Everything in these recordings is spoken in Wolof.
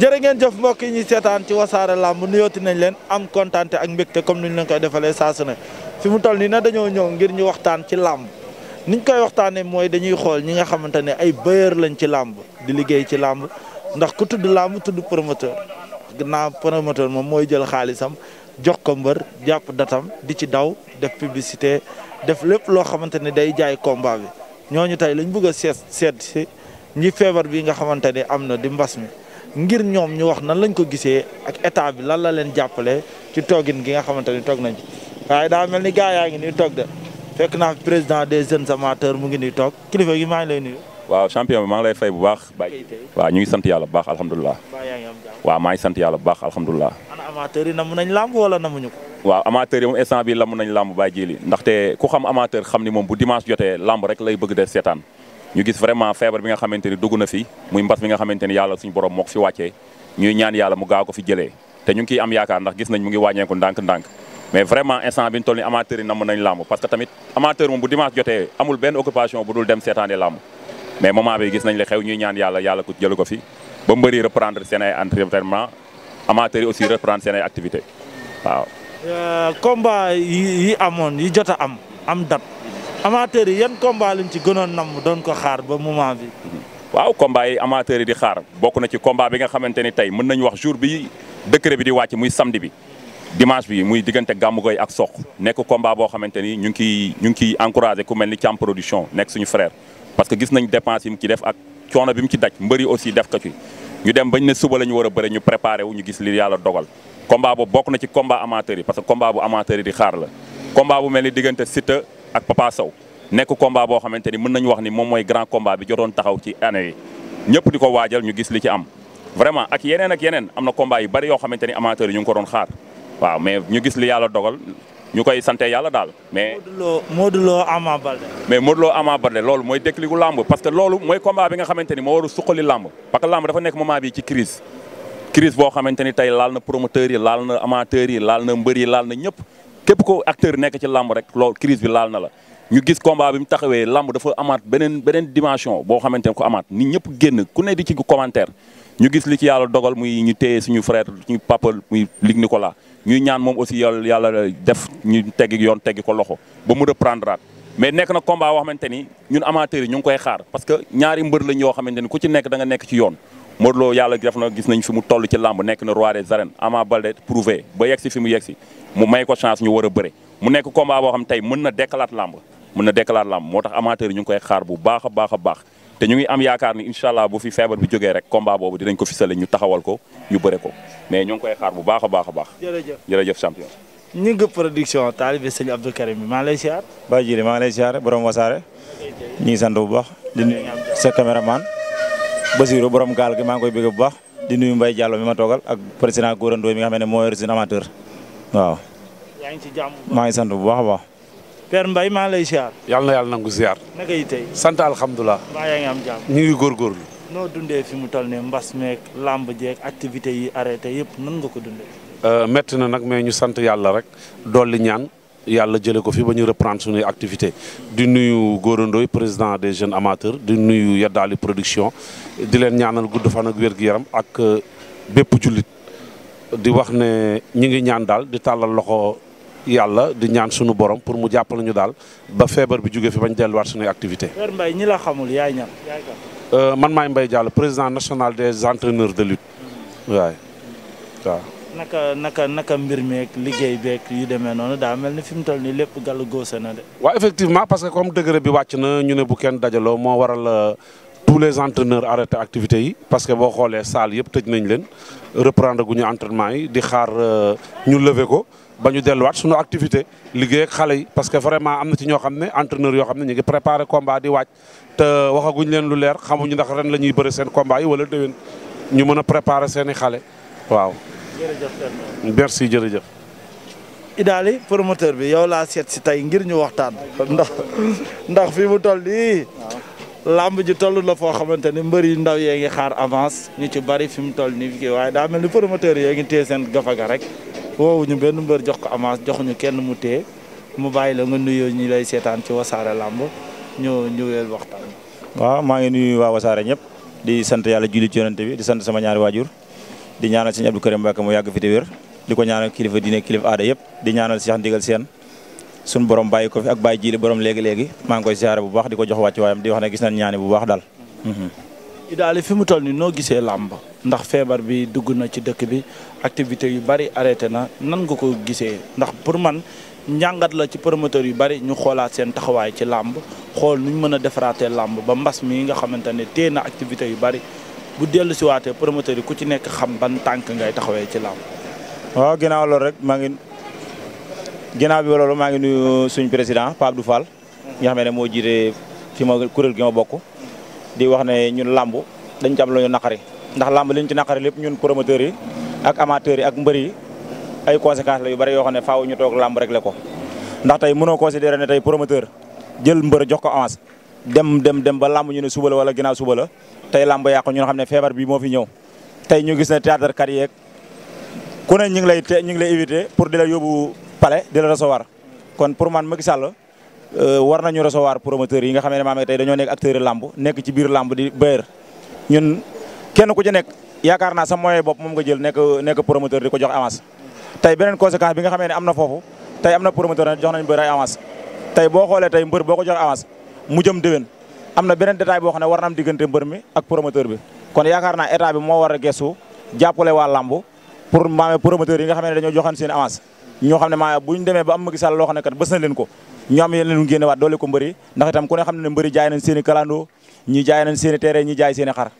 jërë ngeen jëf mbokk yi ñuy seetaan ci wasaare làmb nuyooti nañ leen am kontaante ak mbégte comme ni ñu leen koy defalee saa su fi mu toll nii nag dañoo ñëw ngir ñu waxtaan ci làmb niñ koy waxtaanee mooy dañuy xool ñi nga xamante ne ay bëyër lañ ci làmb di liggéey ci làmb ndax ku tudd làmb tudd promoteur gannaaw promoteur moom mooy jël xaalisam jox ko mbër jàpp datam di ci daw def publicité def lépp loo xamante ne day jaay combat bi ñooñu tey lañ bëgg a seet seet si ñi feebar bi nga xamante ne am na di mbas mi. ngir ñoom ñu wax nan lañ ko gisee ak état bi lan la leen jàppale ci toogin gi nga xamante ni toog nañ ci waaye daa mel ni gaa yaa ngi nii toog de fekk naa président des jeunes amateurs mu ngi nii toog kilifa gi maa ngi lay nuyu. waaw champion bi maa ngi lay fay bu baax. Baye waaw ñu ngi sant yàlla bu baax alhamdulilah. waaw maa ngi sant yàlla bu baax alhamdulilah. ana amateurs yi namu nañ làmb wala namuñu ko. waaw amateurs yi moom instant bi lamu nañ làmb Baye Djily ndaxte ku xam amateur xam ni moom bu dimanche jotee lamb rek lay bëgg de seetaan ñu gis vraiment feebar bi nga xamante ni dugg na fi muy mbas mi nga xamante ni yàlla suñu borom moo ko fi wàccee ñuy ñaan yàlla mu gaaw ko fi jëlee te ñu ngi am yaakaar ndax gis nañ mu ngi wàññeeku ndànk-ndànk mais vraiment instant bi ñu toll ni amateur yi namm nañ làmb parce que tamit amateur moom bu dimanche jotee amul benn occupation bu dem seetaane làmb mais moment bi gis nañ li xew ñuy ñaan yàlla yàlla ko jëlu ko fi ba mbëri reprendre seen ay entraînement amateurs yi aussi reprendre seen ay activité waaw euh, a am am amateurs yi yan combat lañ ci gënoon namm doon ko xaar ba moment bi waaw combat yi amateurs yi di xaar bokk na ci combat bi nga xamante ni tey mën nañu wax jour bi décret bi di wàcc muy samedi bi dimanche bi muy diggante Gamougoy ak Sokh nekk combat boo xamante ni ñu ngi ciy ñu ngi ciy encouragé ku mel ni Thiam production nekk suñu frère parce que gis nañ dépense yi mu ci def ak coono bi mu ci daj mbëri aussi def ko fi ñu dem bañ ne suba la ñu war a bëre ñu préparé wu ñu gis li yàlla dogal combat boobu bokk na ci combat amateur yi parce que combat bu amateur yi di xaar ak Papa Sow nekk combat boo xamante ni mën nañu wax ni moom mooy grand combat bi jotoon taxaw ci année yi ñëpp di ko waajal ñu gis li ci am. vraiment ak yeneen ak yeneen am na combat yu bari yoo xamante ni amateurs ñu ngi ko doon xaar waaw mais ñu gis li yàlla dogal ñu koy sante yàlla daal mais. Modou Lo Ama Baldé. mais Modou Lo Ama Baldé loolu mooy décligu làmb parce que loolu mooy combat bi nga xamante ni moo war a suqali làmb parce que làmb dafa nekk moment bi ci crise crise boo xamante ni tey laal na promoteurs yi laal na amateurs yi laal na mbër yi laal na ñëpp képp ko acteur nekk ci làmb rek loolu crise bi laal na la ñu gis combat bi mu taxawee làmb dafa amaat beneen beneen dimension boo xamante ne ko amaat nit ñëpp génn ku ne di ci commentaire ñu gis li ci yàlla dogal muy ñu téye suñu frère suñu papa muy Luc Nicolas ñuy ñaan moom aussi yàlla yàlla def ñu teggi yoon teggi ko loxo ba mu reprendre mais nekk na combat boo ni ñun amateurs yi ñu koy xaar parce que ñaari mbër lañ yoo xamante ni ku ci nekk da nga nekk ci yoon moo Lo yàlla def na gis nañ fi mu toll ci làmb nekk na roi des arènes Ama Baldé prouvé ba yegg si fi mu yegg mu may ko chance ñu war a bëre mu nekk combat xam tey mën na dekkalaat làmb mën na dekkalaat làmb moo tax amateur yi ñu ngi koy xaar bu baax a baax a baax te ñu ngi am yaakaar ni incha allah bu fi feebar bi jógee rek combat boobu dinañ ko fisale ñu taxawal ko ñu bëre ko mais ñu ngi koy xaar bu baax a baax a baax. jërëjëf jërëjëf champion. ñu ngi production sant bu baax di nuyu sa caméraman Basirou borom gaal gi maa ngi koy bëgg bu baax di nuyu Mbaye Diallo mi ma toogal ak président Gourando mi nga xam ne moo yor suñu waaw. yaa ngi ci jàmm maa ngi sant bu baax a per Père maa lay ziar. yàlla na yàlla nangu ziar. naka sant alhamdulilah. mbaa ngi am jàmm. ñu ngi góorgóorlu. dundee fi mu toll ne mbas meeg làmb jeek activités yi arrêté yëpp nan nga ko dundee. Euh, métti na nag mais ñu sant yàlla rek dolli ñaan yàlla jëlee ko fi ba ñu reprendre suñuy activité di nuyu Gora Ndoye président des jeunes amateurs di nuyu Yaddaali production di leen ñaanal gudd fan ak wér gu yaram ak euh, bépp jullit di wax ne ñu ngi ñaan daal di tàllal loxo yàlla di ñaan suñu borom pour mu jàppale ñu daal ba feebar bi jóge fi bañ delluwaat suñuy activité Père ñi la xamul yaay ñan euh, man maay mbay Diallo président national des entraîneurs de lutte mm. waaye waaw naka naka naka mbir meeg liggéey beeg yu demee noonu daa mel ni fi mu toll nii lépp gàllu góose na de. waaw effectivement parce que comme degré bi wàcc na ñu ne bu ken dajaloo moo waral euh, tous les entraîneurs arrêté activités yi parce que boo xoolee salle yëpp tëj nañ leen reprendre gu ñu entraînement yi di xaar euh, ñu lever ko. ba ñu delluwaat suñu activité liggéey xale yi parce que vraiment am na ci ñoo xam ne entraîneur yoo xam ne ñu ngi préparé combat di waaj te waxaguñ leen lu leer xamuñu ndax ren la ñuy bëri seen combat wala déwén ñu mën a préparé seen i xale waaw. merci jërëjëf. Idaly promoteur bi yow laa seet si tey ngir ñu waxtaan. ndax ndax fi mu toll nii. làmb ji toll na foo xamante ni mbër yu ndaw yee ngi xaar avance ñu ci bari fi mu toll nii kii waaye daa mel ni promoteur yee ngi téye seen gafaga rek woowuñu benn mbër jox ko avance joxuñu kenn mu téye mu bàyyi la nga nuyoo ñi lay seetaan ci wasaare làmb ñu ñu weel waxtaan. waaw maa ngi nuyu waa wasaare ñëpp di sant yàlla julli ci yonent bi di sant sama ñaari waajur di ñaanal sëñ Abdou Karim Mbacke mu yàgg fi te wér di ko ñaanal kilifa diine kilifa aada yëpp di ñaanal Cheikh Ndigal Sène suñu borom bàyyi ko fi ak bàyyi jili borom léegi-léegi maa ngi koy siyaare bu baax di ko jox wàcc waayam di wax ne gis nañ ñaani bu baax daal mhm. idaali fi mu toll ni noo gisee làmb ndax feebar bi dugg na ci dëkk bi activité yu bari arrêté na nan nga ko gisee ndax pour man njàngat la ci promoteur yu bari ñu xoolaat seen taxawaay ci làmb xool nuñ mën a defaraatee làmb ba mbas mi nga xamante ne téye na activité yu bari bu dellu si waatee promoteur yi ku ci nekk xam ban tànk ngay taxawee ci lamb waaw ginnaaw loolu rek maa ngi ginnaaw bi loolu maa ngi nuy suñu président Pape Dou Fall. nga ne moo jiite fi ma kuréel gi bokk. di wax ne ñun làmb dañ ci am lu ndax làmb li ñu ci lépp ñun promoteurs yi ak yi ak mbër yi ay conséquences yu bari yoo xam ne faaw ñu toog làmb réglé ko. ndax tey mënoo considéré ne tey promoteur jël mbër jox ko avance dem dem dem ba làmb ñu ne suba la wala ginnaaw suba la tey làmb yàqu ñun xam ne feebar bi moo fi ñëw tey ñu gis ne théâtre kat yeeg ku ne ñu ngi lay ñu ngi lay éviter pour di la yóbbu palais di la recevoir kon pour man Macky Sall euh, war nañu recevoir promoteurs yi nga xam ne maanaam tey dañoo nekk acteurs yi làmb nekk ci biir làmb di bëre ñun kenn ku ci nekk yaakaar naa sa moyen bopp moom nga jël nekk nekk promoteur di ko jox avance. tey beneen conséquence bi nga xamee ne am na foofu tey am na promoteur jox nañ mbër ay avance tey boo xoolee tey mbër boo ko jox avance am na beneen détail boo xam ne war na am diggante mbër mi ak promoteur bi kon yaakaar naa état bi moo war a gestu jàppale waa lamb pour maame promoteur yi nga xam ne dañoo joxan seen avance ñoo xam ne maa bu ñu demee ba am Macky Sall ne kat bës na leen ko ñu am yéen leen génne waat doole ko mbëri ndax itam ku ne xam ne mbëri jaay nañ seen ñi jaay nañ seen xar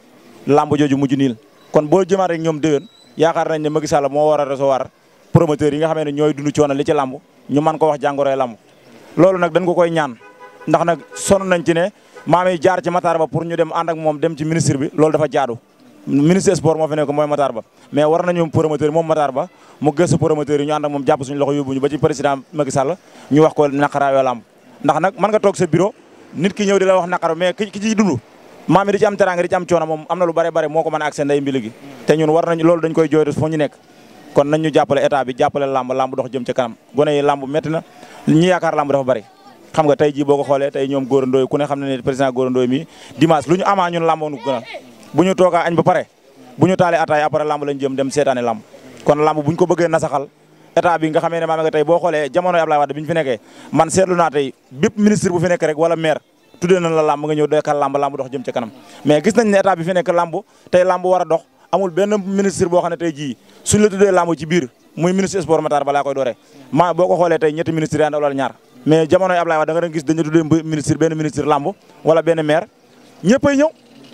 lamb jooju mujj niil kon boo jëmaat rek ñoom déwén yaakaar nañ ne Macky Sall moo war a recevoir yi nga xam ne ñooy dund coono li ci lamb ñu man ko wax jàngoroy lamb loolu nag dañ ko koy ñaan ndax nag sonn nañ ci ne maam yi jaar ci Matar Ba pour ñu dem ànd moom dem ci ministre bi loolu dafa jaadu ministre sport moo fi nekk mooy Matar Ba mais war nañu promoteur moom Matar Ba mu gëstu promoteur yi ñu ànd ak moom jàpp suñu loxo yóbbuñu ba ci président Macky Sall ñu wax ko naqaraayoo lamb ndax nag mën nga toog sa bureau nit ki ñëw di la wax naqar mais ki ci dund maam yi di ci am teraanga di ci am coono moom am na lu bare bare moo a ak seen nday mbili gi te ñun war nañu ñu nekk kon nañ lamb lamb dox jëm ca kanam gone yi lamb métti bari xam nga tey jii boo ko xoolee tey ñoom góorandooy ku ne xam na ne président góorandooy mi dimanche lu ñu amaa ñun làmboonu gën a bu ñu toogaa añ ba pare bu ñu taalee ataay après lamb lañ jëm dem seetaani lamb kon lamb bu ko bëggee nasaxal état bi nga xamee ne maanaam tey boo xoolee jamonoy Abdoulaye Wade bi ñu man seetlu tey bépp ministre bu fi rek wala maire tuddee la lamb nga ñëw doykal lamb lamb dox jëm ci kanam mais gis nañ ne état bi a dox amul benn ministre boo xam ne tey jii suñ la tuddee lamb ci biir muy ministre sport Matar Ba laa koy dooree maa boo ko xoolee mais jamonoy Ablaye Wade da nga doon gis dañu tuddee ministre benn ministre lamb wala benn maire ñëppay ñëw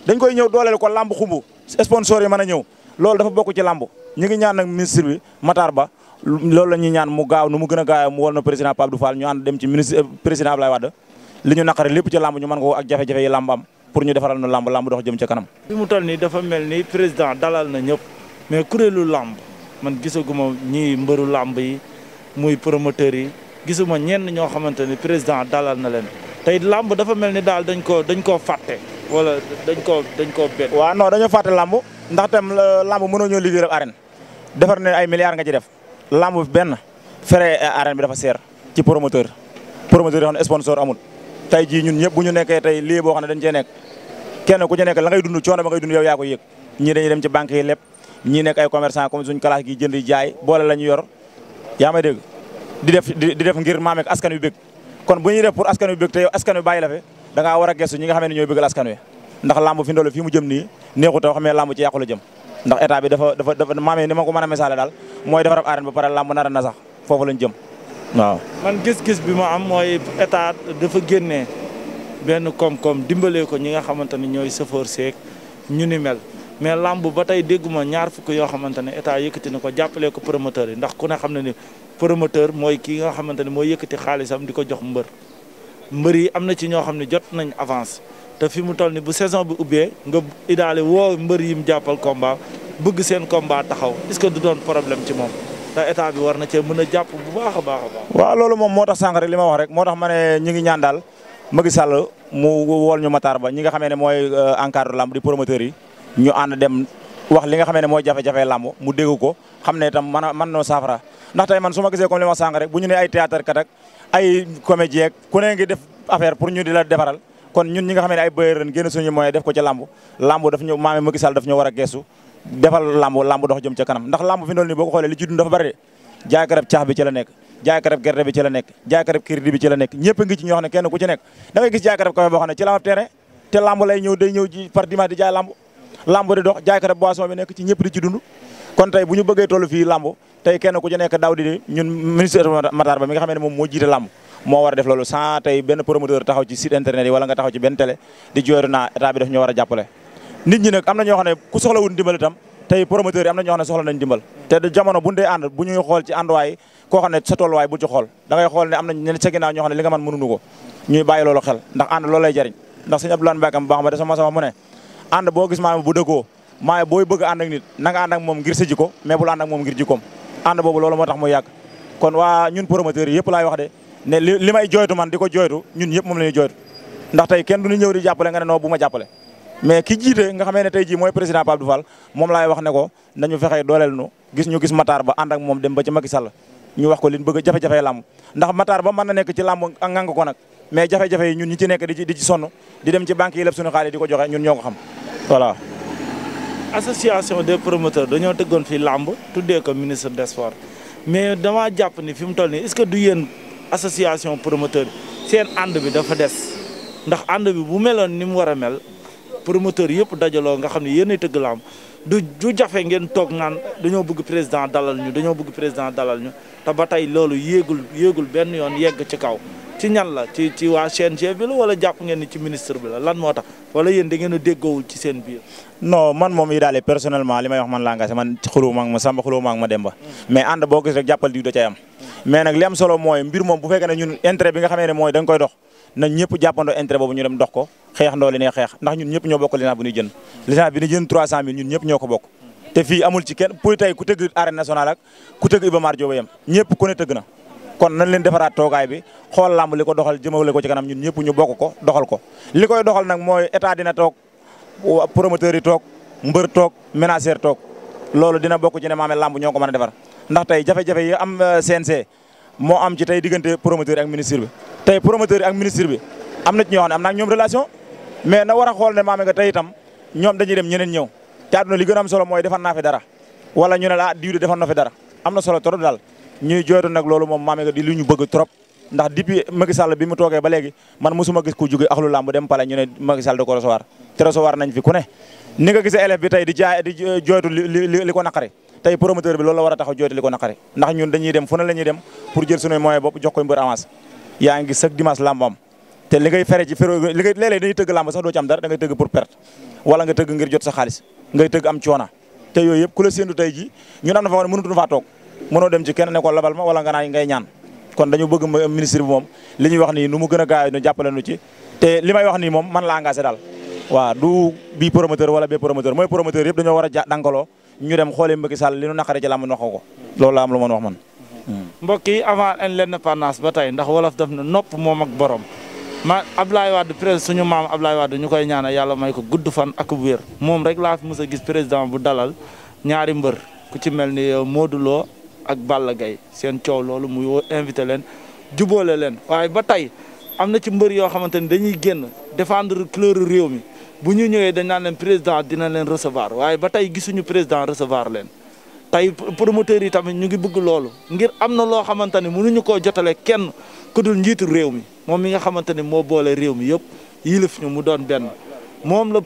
dañ koy ñëw dooleel ko lamb xumbu sponsor yi man a ñëw loolu dafa bokk ci lamb ñu ngi ñaan nag ministre bi Matar Ba loolu la ñaan mu gaaw nu mu gën a gaaw mu wol na président Pape Dou Fall ñu ànd dem ci ministre euh, président Ablaye Wade li ñu naqare lépp ci lamb ñu mën ko ak jafe-jafe yi lamb am pour ñu defaral nu lamb lamb dox jëm ca kanam. bi mu toll nii dafa mel ni président dalal na ñëpp mais kuréelu lamb man gisaguma ñii mbëru lamb yi muy promoteur yi. gisuma ñenn ñoo xamante ni président dalal na leen tey làmb dafa mel ni daal dañ ko dañ koo fàtte wala dañ koo dañ koo bett. waaw non dañoo fàtte làmb ndax tam euh, làmb mënoo ñoo liggéey rek arène defar ne ay milliards nga ci def làmb benn frais euh, arène bi dafa seer ci promoteur promoteur yoo xam ne sponsor amul tey jii ñun ñëpp bu ñu nekkee tey lii xam ne dañ cee nekk kenn ku ci nekk la ngay dund coono ba ngay dund yow yaa ko yëg ñii dañuy dem ci banque yi lépp ñii nekk ay commerçant comme suñ classe gi jënd jaay boole la yor yaa may dégg di def di def ngir maam askan wi bëgg kon bu ñu def pour askan wi bëgg te yow askan wi bàyyi la fi da ngaa war a gestu ñi nga xam ne ñooy bëggal askan wi ndax lamb fi ndool fi mu jëm nii neexu taw xam ne lamb ci yàqu la jëm ndax état bi dafa dafa dafa maamee ni ma ko mën a misaale daal mooy dafa rab arène ba pare lamb nara na sax man gis-gis bi ma am mooy état dafa génne benn koom-koom dimbalee ko ñi nga xamante ne ñooy sëfoor seeg ñu ni mel mais lamb ba tey dégguma ñaar fukk yoo xamante ne état yëkkati na ko jàppalee ko promoteur yi ndax ku ne xam ne ni promoteur mooy kii nga xamante ne mooy yëkkati xaalisam di ko jox mbër mbër yi am na ci ñoo xam ne jot nañ avance te fi mu toll ni bu saison bi ubbee nga idaale woo mbër yi mu jàppal komba bëgg seen combat taxaw est que du doon problème ci moom te état bi war na cee mën a jàpp bu baax a baax a baax. waaw loolu moom moo tax sànq rek li ma wax rek moo tax ma ne ñu ngi ñaan daal Macky Sall mu wool ñu Matar ñi nga xamee ne mooy euh, encadre lamb di promoteur yi ñu ànd dem wax li nga xamee ne mooy jafe-jafe lamb mu dégg ko xam ne itam mën a noo saafara ndax man su ma gisee comme li ma sànq bu ñu ne ay théâtre kat ak ay comédien ku ne ngi def affaire pur ñu di la defaral kon ñun ñi nga xam ne ay bëyër ren génn suñu moyen def ko ci lamb lamb daf ñu maame Macky Sall daf ñu war a gestu defal lamb lamb dox jëm ca kanam ndax lamb fi dool nii boo ko xoolee li ci jaay karab caax bi ci la nekk jaay karab gerte bi ci la nekk jaay karab crédit bi ci la nekk ñëpp ngi ci ñoo xam ne kenn ku ci nekk da ngay gis jaay karab kawe boo xam ne ci la am terrain te lamb lay ñëw day par dimanche di jaay lamb lamb di dox jaay karab boisson bi nekk ci ñëpp di ci dund kon tey bu ñu bëggee toll fii làmb tey kenn ku ci nekk daaw di ñun ministre Matar Ba mi nga xam ne moom moo jiite làmb moo war a def loolu sans tey benn promoteur taxaw ci site internet yi wala nga taxaw ci benn télé di jooytu naa bi daf ñu war a jàppale nit ñi nag am na ñoo xam ne ku soxlawul ndimbal itam tey promoteur yi am na ñoo xam ne soxla nañ dimbal te jamono bu ñu dee ànd bu ñuy xool ci ànduwaay koo xam ne sa tolluwaay bu ci xool da ne am nañ sa ginnaaw ñoo xam ne li nga mën mënuñu ko ñuy bàyyi loolu xel ndax ànd loolu lay jariñ ndax maaye booy bëgg ànd ak nit na nga moom ngir sa jikko mais bul ànd ak moom ngir jikkoom ànd boobu loolu moo tax mu yàgg kon waa ñun promoteurs yi yëpp laay wax de ne li li may jooytu man di ko jooytu ñun yëpp moom la ñuy jooytu ndax tey kenn du ñu ñëw di jàppale nga ne noo bu ma jàppale mais ki jiite nga xamee ne jii mooy président Pape Diouf Fall moom laay wax ne ko nañu fexee dooleel nu gis ñu gis Matar ba ànd moom dem ba ci Macky Sall ñu wax ko liñ bëgg jafe-jafe làmb ndax Matar ba mën na nekk ci làmb ngang ko nag mais jafe-jafe yi ñun ñi ci nekk di ci sonn di dem ci banque yi lépp suñu xaalis di ko joxe ñun ñoo ko xam association des promoteurs dañoo tëggoon fii làmb tuddee ko ministre des sports mais damaa jàpp ni fi mu toll nii est-ce que du yéen association promoteur seen ànd bi dafa des ndax ànd bi bu meloon ni mu war a mel promoteur yëpp dajaloo nga xam ni yéen ay tëgg làmb du du jafe ngeen toog naan dañoo bugg président dalal ñu dañoo bugg président dalal ñu te ba tey loolu yéegul yéegul benn yoon yegg ci kaw ci ñan la ci ci waa CNG bi la wala jàpp ngeen ci ministre bi lan moo tax wala yéen da ngeen a déggoowul ci seen biir. non man moom yi daale personnellement li may wax man laa man xulóo ma Demba mm. mais ànd boo rek jàppal diw da cay mm. mais nag li solo mooy mbir moom bu fekkee ne ñun intérêt bi nga xamee ne mooy da koy dox nañ ñëpp jàppandoo intérêt boobu ñu dem dox ko xeex ndoo xeex ndax ñun ñëpp ñoo bokk mm. bokk te amul ci kenn pour tey ku tëgg arène nationale ak ku tëgg Iba Mar yem ñëpp ku ne tëgg na kon nañ leen defaraat toogaay bi xool làmb li ko doxal jëmale ko ci kanam ñun ñëpp ñu bokk ko doxal ko li koy doxal nag mooy état dina toog promoteur yi toog mbër toog ménagère toog loolu dina bokk ci ne maame làmb ñoo ko mën a defar ndax tey jafe-jafe yi am euh, CNG moo am ci tey diggante promoteur ak ministre bi tey promoteur ak ministre bi am na ci ñoo xam ne am naa ñoom mais na war a xool ne maame nga tey itam ñoom dañuy dem ñeneen ñëw te àdduna li gën am solo mooy defan naa dara wala ñu ne la ah diw de dara am na solo trop daal ñuy jooytu nag loolu moom maame di lu ñu bëgg trop ndax depuis Macky Sall bi mu toogee ba léegi man mosuma gis ku jóge axlu làmb dem pale ñu ne Macky Sall da ko recevoir te recevoir nañ fi ku ne ni nga gisee élève bi tey di jaay di euh, jooytu li li ko naqari tey promoteur bi lool war a taxaw jooytu o ko naqari ndax ñun dañuy dem fu ne ñuy dem pour jël suñu moyen bopp jox ko mbër avance yaa ngi gis chaque dimanche làmbam te li ngay fere ci fero li ngay léeg-léeg dañuy tëgg làmb sax doo ci am dara da ngay tëgg pour perte wala nga tëgg ngir jot sa xaalis ngay tëgg am coona te yooyu yëpp ku la séentu tey ji ñun am na fa wone mënutu faa toog mënoo dem ci kenn ne ngay ñaan kon dañu bëgg ministre bi moom li ñuy wax nii nu mu gën a gaaw ñu jàppale nu ci te li may wax ni moom man la engagé daal waaw du bii promoteur wala bee promoteur mooy promoteur yëpp dañoo war a dankaloo ñu dem xoolee Macky Sall li nu naqare ci làmb ñu wax ko loolu la am lu mën wax man hmm. mbokk avant l'indépendance ba na nopp moom ak borom ma Abdoulaye Wade président suñu maam Abdoulaye Wade ñu koy ñaana yàlla may ko gudd fan ak wér moom rek laa fi mës a gis président bu dalal ñaari mbër ku ci mel ni euh, mooduloo ak Balla Gaye seen coow loolu muy woo invité leen jubóole leen waaye ba tey am na ci mbër yoo xamante ni dañuy génn défendre couleur réew mi bu ñu ñëwee dañ naan leen président dina leen recevoir waaye ba tey gisuñu président recevoir leen tey promoteurs yi tamit ñu ngi bëgg loolu ngir am na loo xamante jotale kenn ku dul njiitu réew mi moom mi nga xamante ne moo boole réew mi yëpp yilif ñu mu doon benn moom la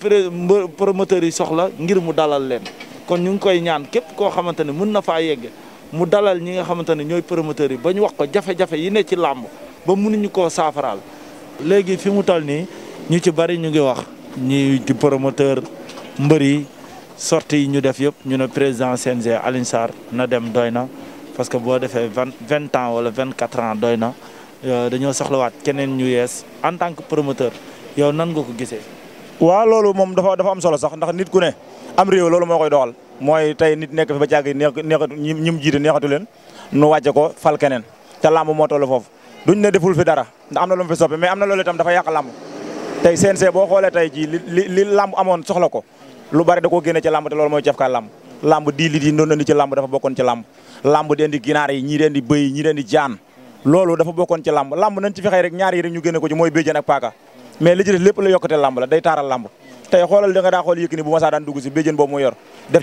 promoteur yi soxla ngir mu dalal leen kon ñu ngi koy ñaan képp koo xamante ne mën na faa yegg mu dalal ñi nga xamante ne ñooy promoteurs yi ba ñu wax ko jafe-jafe yi ne ci làmb ba mënuñu koo saafaraal léegi fi mu toll nii ñu ci bari ñu ngi wax ñi ci promoteur mbër yi sortie ñu def yëpp ñu ne président CNG Alioune na dem doy na parce que boo defee vingt vingt ans wala vingt quatre ans doy na Euh, dañoo soxlawaat keneen ñu yees en tant que promoteur yow nan nga ko gisee. waaw loolu moom dafa dafa am solo sax ndax nit ku ne am réew loolu moo koy doxal mooy tey nit nekk fi ba càgg neex neexatu ñi ñi mu jiite neexatu leen nu wàcce ko fal keneen te làmb moo toll foofu duñ ne deful fi dara ndax am na lu mu fi soppi mais am na loolu itam dafa yàq làmb tey CNG boo xoolee tey jii li li li làmb amoon soxla ko lu bari da koo génne ci làmb te loolu mooy cafka ka làmb di li di noonu indi ci làmb dafa bokkoon ci làmb làmb di indi ginaar yi ñii di indi bëy yi di jaan loolu dafa bokkoon ci làmb làmb nañ ci fexee rek ñaar yi rek ñu génne ko ci mooy béjjén ak paaka mais li ci des lépp la yokkate làmb la day taaral làmb tey xoolal da nga daa xool Yékini bu ma saa daan dugg si béjjén boobu muy yor def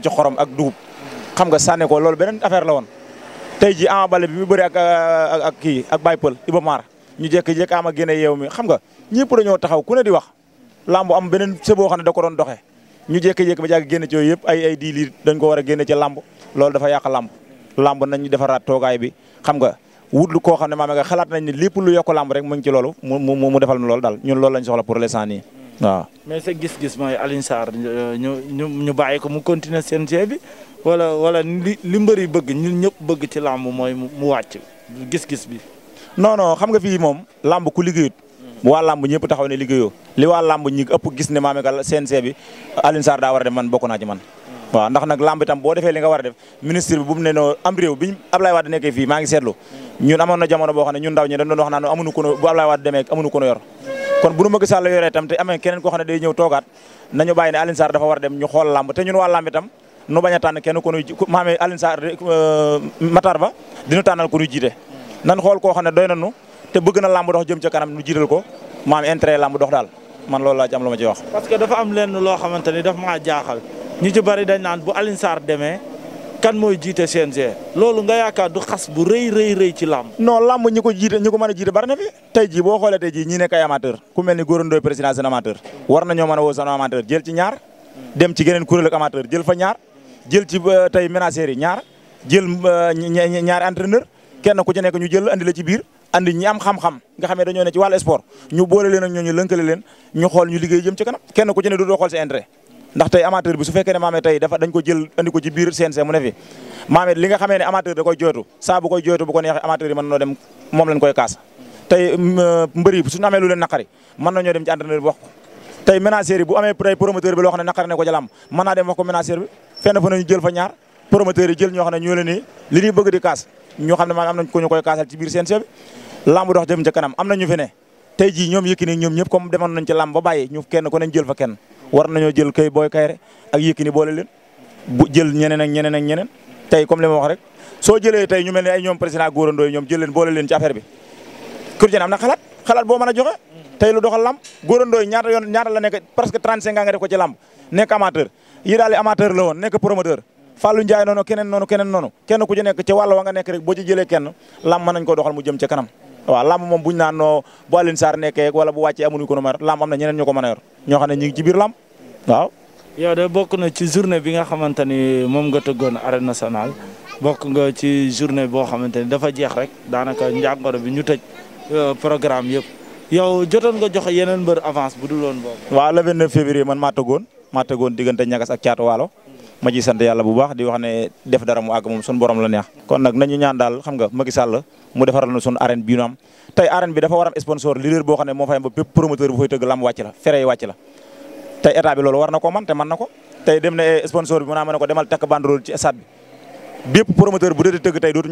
xam nga sànne ko loolu beneen affaire la woon tey ji Ama Baldé bi bëri ak ak kii ak Baye Pël Iba Mar ñu jekk-jekk ama génne yeew mi xam nga ñëpp dañoo taxaw ku ne di wax làmb am beneen boo xam ne da ko doon doxee ñu jekk-jekk ba jàgg génne ci yëpp ay dii dañ ko war a génne ci làmb loolu dafa yàq làmb làmb nañ defaraat toogaay bi xam nga wutlu lu koo xam ne maanaam nga xalaat nañ ne lépp lu yokk làmb rek mu ngi ci loolu mu mu mu defal ñu loolu daal ñun loolu lañ soxla pour l'instant nii hmm. waaw. mais se gis-gis mooy Alioune Sarr euh, ñu ñu ñu bàyyi ko mu continuer CNG bi wala wala li li yi bëgg ñun bëgg ci làmb mooy mu wàcc gis-gis bi. non non xam nga fii moom làmb ku liggéeyut. Hmm. waa làmb ñëpp taxaw ne liggéeyo li waa làmb ñi ëpp gis ne maanaam CNG bi Alioune Sarr daa war a man bokk naa ci man. Hmm. waaw ndax nag lamb itam boo defee li nga war a def ministre bi ne noo am réew biñ maa ngi seetlu ñun amoon na jamono boo xam ñun ndaw ñi dañ doon wax naan amuñu ko bu Ablaye Wade demee amuñu ko yor kon bu nu Macky Sall yoree itam te amee keneen koo xam ne day ñëw toogaat nañu bàyyi ne Alioune dafa war a dem ñu xool lamb te ñun waa lamb nu bañ a tànn kenn ku euh, jiite nan xool koo xam ne doy nañu te bëgg na lamb dox jëm ca kanam nu jiital ko maam intérêt lamb dox daal man loolu laa ci ñu ci bari dañ naan bu alin saar demee kan mooy jiite CNG loolu nga yaakaar du xas bu rëy rëy rëy ci làmb non làmb ñu ko jiite ñi ko mën a jiite bari na fi tey jii boo xoolee tey jii ñi nekk ay ku mel ni góorandooy président seen amateur war nañoo mën a woo seen jël ci ñaar dem ci geneen kuréel ak amateur jël fa ñaar jël ci euh, tey ménagères yi ñaar jël euh, ñaari entraîneur kenn ku ci nekk ñu jël andi la ci biir andi ñi am xam-xam nga xam ne dañoo ne ci wàllu sport ñu boole leen ak ñooñu lënkale leen ñu xool ñu liggéey jëm ci kenn ku ci ne du doo xool sa ndax tey amateur bi su fekkee ne maame tey dafa dañ ko jël andi ci biir CNG mu ne fi maame li nga xamee ne amateur da koy jooytu saa koy jooytu bu ko neexee amateur yi mën dem moom koy kaas tey euh, mbër yi suñu amee lu leen naqari mën nañoo dem xam ne naqari ne ko jalam mën dem wax ko ménagère bi fenn fa nañu jël ñoo xam ne ñoo leen ni li ñuy bëgg di kaas ñoo ne maanaam am nañ ko ñu koy kaasal ci biir CNG bi lamb dox jëm ca nañu fi ne tey jii ñoom Yékini ñoom ñëpp comme demoon nañ ci lamb ba bàyyi ñu kenn ko nañ jël fa kenn war nañoo jël kay booy kayre ak Yékini boole leen jël ñeneen ak ñeneen ak ñeneen tey comme li ma rek soo jëlee tey ñu mel ne ay ñoom président góorandoo yi ñoom jël leen boole leen ci affaire bi Kourdiène am na xalaat xalaat boo mën a joxe tey lu doxal lamb góorandoo ñaata yoon ñaata la nekk presque 35 ans nga def ko ci lamb nekk amateur yi daal amateur la woon nekk promoteur Fallou Ndiaye noonu keneen noonu keneen noonu kenn ku ci nekk ci wàll wa nga nekk rek boo ci jëlee kenn lamb mën nañ ko doxal mu jëm ca kanam waaw lamb moom buñu naan noo bu Alioune Sarr wala bu wàccee amuñu ko am na ñeneen ñu ko mën a yor xam ne ñu ngi lamb waaw. yow de bokk na ci journée bi nga xamante ni moom nga tëggoon arène nationale bokk nga ci journée boo xamante ni dafa jeex rek daanaka njàngoro bi ñu tëj euh, programme yëpp yow jotoon nga joxe yeneen mbër avance bu dul woon boobu. waaw le 29 février man maa tëggoon maa diggante ñagas ak caatu waalo ma ciy sant yàlla bu baax di wax ne def dara mu àgg borom la neex kon nag na ñaan daal xam nga Macky mu defaral na sunu arène bi ñu am tey arène bi dafa war am sponsor leader boo xam ne moo fay ba bépp promoteur bu fay tëgg tey état bi na ko man te man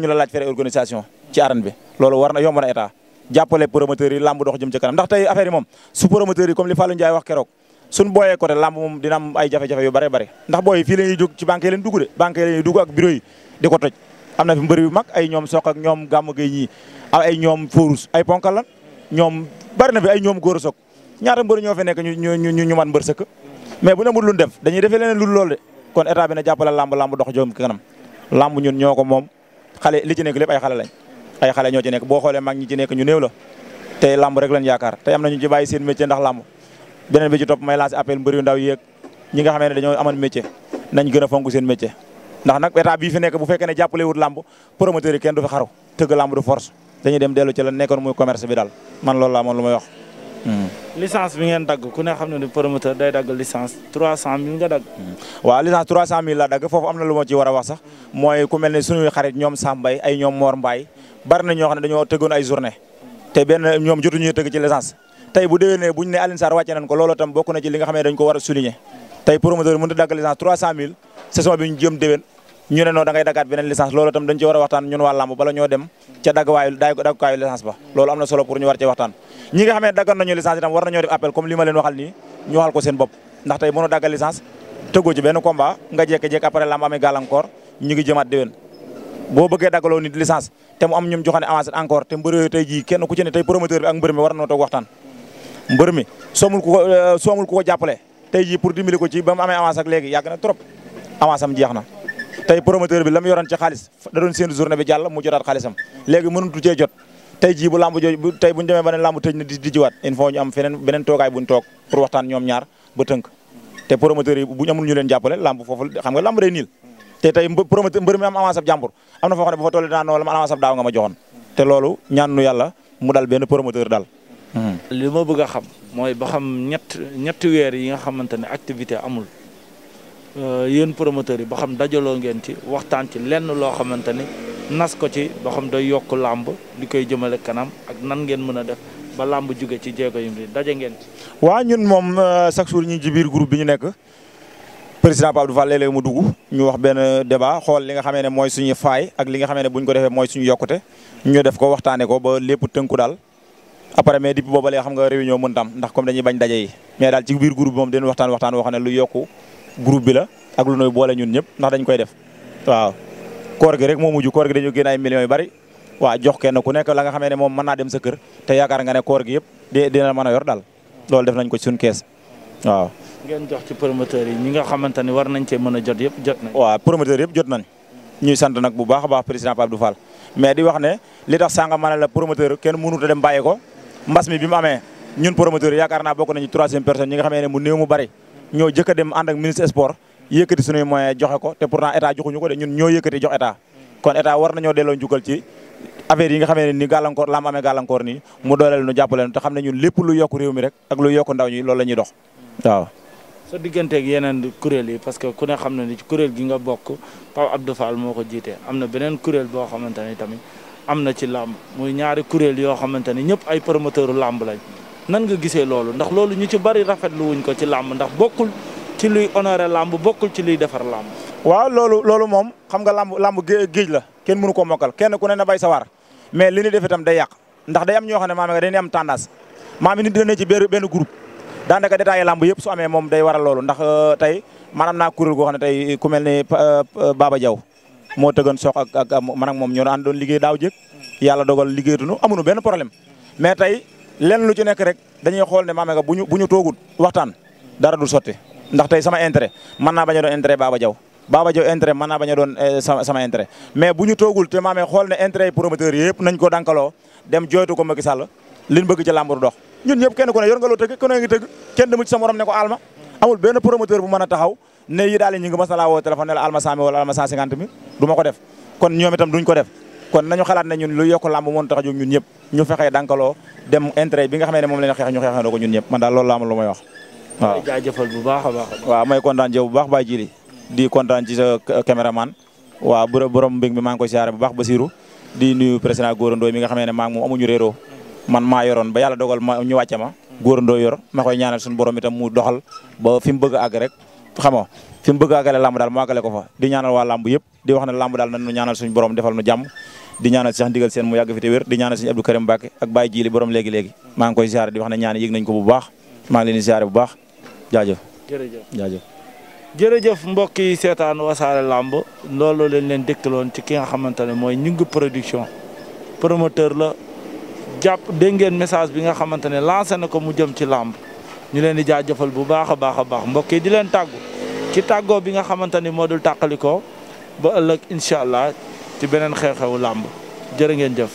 na laaj fere organisation ci arène bi loolu war na yomb na état jàppale jëm ca ndax tey affaire yi su promoteurs yi comme li Fallou wax keroog suñ booyee côté lamb moom dina ay jafe-jafe yu bare bare ndax booy fii la ñuy jóg ci banque yi leen dugg de banque yi la ak bureau di ko toj am na fi mbër yu mag ay ñoom soq ak ñoom gàmm gay ñii ay ñoom forus ay ponkal lan ñoom bari na fi ay ñoom góor a soog ñaata mbër ñoo fi nekk ñu ñu ñu man mbër sëkk mais bu ne mul luñ def dañuy defee leneen lul loolu de kon état bi na jàppale làmb làmb dox jom kanam làmb ñun ñoo ko moom xale li ci nekk lépp ay xale lañ ay xale ñoo ci nekk boo xoolee mag ñi ci nekk ñu néew la te làmb lañ yaakaar te am nañu ci bàyyi seen métier ndax làmb beneen bi ci topp may lancé appel mbër yu ndaw yeeg ñi nga xamee ne dañoo amoon métier nañ gën a fonk seen métier ndax na état bii fi nekk bu fekkee ne jàppale wut làmb promoteur yi kenn du fi xaru tëgg làmb du force dañuy dem dellu ci la nekkoon muy commerce bi daal man loolu laa moom lu may wax. Hmm. licence bi ngeen dagg ku ne xam ne ni promoteur day dagg licence 300000 nga dagg. Hmm. waaw licence 300000 laa dagg foofu am na lu ma ci war a wax sax mooy ku mel ne suñuy xarit ñoom Sambay ay ñoom Mor Mbaay bari na ñoo xam ne dañoo tëggoon ay journée te benn ñoom jotuñu tëgg ci licence tey bu déwénee buñ ne Alioune Sarr wàcce nañ ko loolu tam bokk na ci li nga dañ ko war a souligner promoteur mënut a dagg licence 300000 saison bi ñu jëm déwén ñu ne noo ngay daggaat beneen licence loolu tam dañ ci war a waxtaan ñun waa làmb bala ñoo dem ca daggawaayu daggukaayu licence ba loolu am na solo pour ñu war cee waxtaan ñi nga xam ne daggan licence itam war nañoo def appel comme li waxal nii ñu waxal ko ku ci ne tey promoteur mbër mi soomul ku ko euh, soomul ku jàppale tey jii pour dimbali ko ci ba mu amee avance ak léegi yàgg na trop avance am jeex na tey promoteur bi la mu yoran ci xaalis da doon seen journée bi jàll mu jotaat xaalisam léegi mënutu e jot tey jii bu lamb jooju tey bu ñu demee ba ne lamb tëj na di jiwaat il faut am feneen beneen toogaay bu ñu toog pour waxtaan ñoom ñaar ba tënk te promoteurs ñu leen jàppale lamb foofu xam nga lamb day niil te tey promoteur mbër mi am avance ab am na foo xam ne bu fa tollee daan noo la ma avance daaw nga yàlla mu dal benn promoteur dal li ma bëgg a xam mooy ba xam ñett ñetti weer yi nga xamante ne activité amul euh, yéen promoteurs yi ba xam dajaloo ngeen ci waxtaan ci lenn loo xamante ni nas ko ci ba xam day yokk làmb li koy jëmale kanam ak nan ngeen mën a def ba lamb jóge ci jéego yi daje ngeen ci. waaw ñun moom euh, chaque jour ñu ci biir groupe bi ñu nekk président Pape Fall léeg-léeg mu dugg ñu wax benn débat xool li nga xamee ne mooy suñu faay ak li nga xamee ne bu ñu ko defee mooy suñu yokkute ñu def ko waxtaanee ko ba lépp tënku daal. après mais depuis booba léegi xam nga réunion mënut am ndax comme dañuy bañ daje mais daal ci biir groupe bi moom waxtaan waxtaan lu yokku groupe bi ak lu nooy boole ñun ñëpp ndax dañ koy def waaw koor gi rek moo mujj koor gi dañu génn ay millions yu bari waaw jox kenn ku nekk la nga xamee ne moom mën naa dem sa kër te yaakaar nga ne koor gi yëpp de dina mën a yor daal loolu def nañ ko ci suñu kees waaw ngeen jox ci promoteurs yi ñi nga xamante ni war nañ cee mën a jot yëpp jot nañ waaw promoteurs yëpp jot nañ ñuy sant nag bu baax a baax président Pape Abdou Fall mais di wax ne li tax sànga ma kenn mënut a dem bàyyi ko mbas mi bi mu amee ñun promoteurs yaakaar naa bokk nañu troisième personne ñi nga xamee ne mu néew mu bari ñoo jëkk a dem ànd ak ministre sport yëkkati suñuy moyen joxe ko te pourtant état joxuñu ko de ñun ñoo yëkkati jox état kon état war nañoo delloo njukkal ci affaire yi nga xamee ne ni gàllankoor la am amee gàllankoor nii mu dooleel nu jàppaleenu te xam ne ñun lépp lu yokk réew mi rek ak lu yokk ndaw ñi loolu la ñuy dox waaw sa digganteeg yeneen kuréel yi parce que ku ne xam na ni ci kuréel gi nga bokk Pape Abdou Fall moo ko jiite am na beneen kuréel boo xamante ne tamit am na ci làmb muy ñaari kuréel yoo xamante ni ñëpp ay promoteur làmb lañ nan nga gisee loolu ndax loolu ñu ci bari rafetlu wuñ ko ci làmb ndax bokkul ci luy honoré làmb bokkul ci luy defar làmb. waaw loolu loolu moom xam nga làmb làmb géej la kenn mënu ko mokkal kenn ku ne na bay sa war mais li ñu def itam day yàq ndax day am ñoo xam ne maanaam dañuy am tendance maanaam ni dina ne ci benn benn groupe daanaka détaillé làmb yëpp su amee moom day waral loolu ndax euh, tey maanaam naa kuréel goo xam ne tey ku mel ni euh, Baba Diaw moo tëggoon sox ak ak man ak moom ñoo àndoon liggéey daaw jëkk yàlla dogal liggéeyatuñu amuñu benn problème mais tey lenn lu ci nekk rek dañuy xool ne maame nga bu ñu bu ñu toogul waxtaan dara du sotti ndax tey sama intérêt mën naa a doon intérêt Baba Diaw Baba Diaw intérêt mën naa doon eh, sama sama intérêt mais bu ñu toogul te maame xool ne intérêt yi promoteur yëpp nañ ko dankaloo dem jooytu ko Macky Sall liñ bëgg dox ñun ñëpp kenn ku ne yor nga loo tëgg ku ne ngi tëgg kenn demu ci sa morom benn promoteur bu mën a taxaw ne yi daal ñu a laa woo téléphone ne la alma wala alma 150 000 du ma ko def kon ñoom itam duñ ko def kon nañu xalaat ne ñun lu yokk làmb moon ñun ñëpp ñu fexee dankaloo dem bi nga xamee ne moom la ñu xeex ñu xeexandoo ko ñun ñëpp man daal loolu la am lu may wax waaw a waaw may kontaan jëw bu baax Baye Jili di kontaan ci sa caméraman waaw bor borom mbég mi maa ngi koy siyaare bu baax ba Basirou di nuyu président Gora Ndoye mi nga xamee ne maa ngi moom amuñu man maa yoroon ba yàlla dogal ma ñu wàcce ma Gora Ndoye yor ma koy ñaanal suñu borom itam mu doxal ba fi mu bëgg a rek xam nga fi mu bëgg a àggale làmb daal mu àggale ko fa di ñaanal waa làmb yëpp di wax ne làmb daal nañu ñaanal suñu borom defal nu jàmm di ñaanal Cheikh Ndigal Sène mu yàgg fi te wér di ñaanal suñu Abdou Karim Mbacke ak Baye Jili borom léegi-léegi maa ngi koy ziare di wax ne ñaan yëg ko bu baax maa leen di ziare bu baax jaajëf jërëjëf jaajëf jërëjëf seetaan wasaare làmb loolu leen leen ci ki nga xamante mooy ñu production promoteur la jàpp dégg message bi nga xamante ne ko mu jëm ci làmb ñu leen di jaajëfal bu baax a baax a baax mbokk yi di leen tàggu ci tàggoo bi nga xamante ni moo dul tàqalikoo ba ëllëg incha allah ci beneen xew xew làmb jërë ngeen jëf.